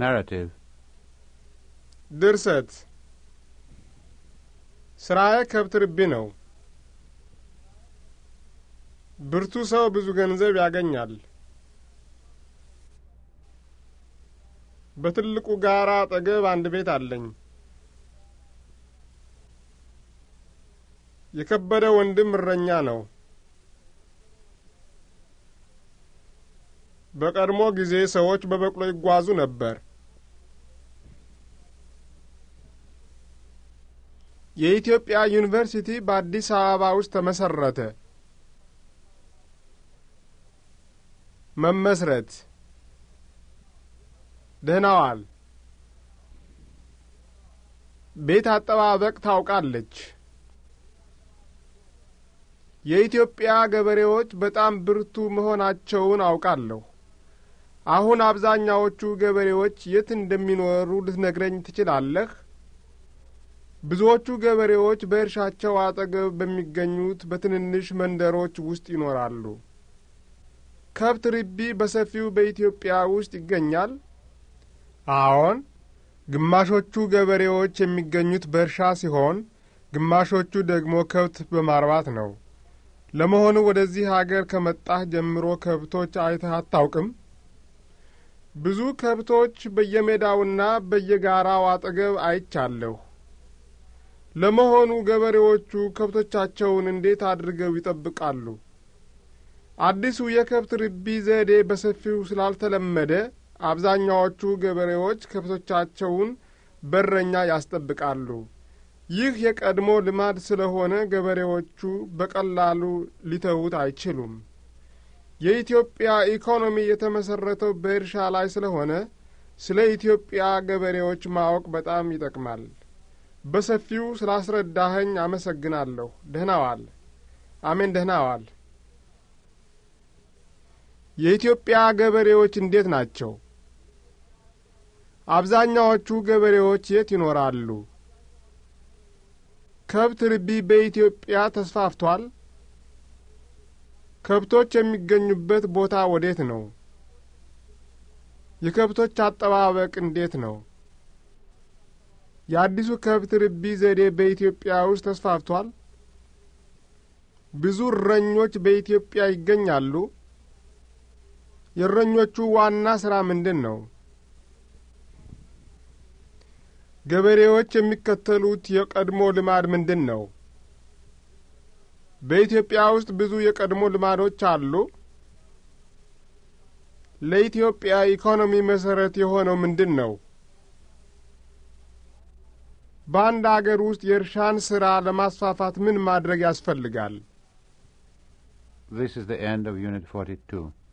ናራቲቭ ድርሰት ስራዬ ከብት ርቢ ነው። ብርቱ ሰው ብዙ ገንዘብ ያገኛል። በትልቁ ጋራ አጠገብ አንድ ቤት አለኝ። የከበደ ወንድም እረኛ ነው። በቀድሞ ጊዜ ሰዎች በበቅሎ ይጓዙ ነበር። የኢትዮጵያ ዩኒቨርሲቲ በአዲስ አበባ ውስጥ ተመሰረተ። መመስረት ደህናዋል። ቤት አጠባበቅ ታውቃለች። የኢትዮጵያ ገበሬዎች በጣም ብርቱ መሆናቸውን አውቃለሁ። አሁን አብዛኛዎቹ ገበሬዎች የት እንደሚኖሩ ልትነግረኝ ትችላለህ? ብዙዎቹ ገበሬዎች በእርሻቸው አጠገብ በሚገኙት በትንንሽ መንደሮች ውስጥ ይኖራሉ። ከብት ርቢ በሰፊው በኢትዮጵያ ውስጥ ይገኛል። አዎን፣ ግማሾቹ ገበሬዎች የሚገኙት በእርሻ ሲሆን፣ ግማሾቹ ደግሞ ከብት በማርባት ነው። ለመሆኑ ወደዚህ አገር ከመጣህ ጀምሮ ከብቶች አይተህ አታውቅም? ብዙ ከብቶች በየሜዳውና በየጋራው አጠገብ አይቻለሁ። ለመሆኑ ገበሬዎቹ ከብቶቻቸውን እንዴት አድርገው ይጠብቃሉ? አዲሱ የከብት ርቢ ዘዴ በሰፊው ስላልተለመደ አብዛኛዎቹ ገበሬዎች ከብቶቻቸውን በረኛ ያስጠብቃሉ። ይህ የቀድሞ ልማድ ስለሆነ ገበሬዎቹ በቀላሉ ሊተዉት አይችሉም። የኢትዮጵያ ኢኮኖሚ የተመሰረተው በእርሻ ላይ ስለሆነ ስለ ኢትዮጵያ ገበሬዎች ማወቅ በጣም ይጠቅማል። በሰፊው ስላስረዳኸኝ አመሰግናለሁ። ደህናዋል። አሜን፣ ደህናዋል። የኢትዮጵያ ገበሬዎች እንዴት ናቸው? አብዛኛዎቹ ገበሬዎች የት ይኖራሉ? ከብት ርቢ በኢትዮጵያ ተስፋፍቷል? ከብቶች የሚገኙበት ቦታ ወዴት ነው? የከብቶች አጠባበቅ እንዴት ነው? የአዲሱ ከብት ርቢ ዘዴ በኢትዮጵያ ውስጥ ተስፋፍቷል? ብዙ እረኞች በኢትዮጵያ ይገኛሉ? የእረኞቹ ዋና ሥራ ምንድን ነው? ገበሬዎች የሚከተሉት የቀድሞ ልማድ ምንድን ነው? በኢትዮጵያ ውስጥ ብዙ የቀድሞ ልማዶች አሉ። ለኢትዮጵያ ኢኮኖሚ መሰረት የሆነው ምንድን ነው? በአንድ አገር ውስጥ የእርሻን ሥራ ለማስፋፋት ምን ማድረግ ያስፈልጋል? This is the end of Unit 42.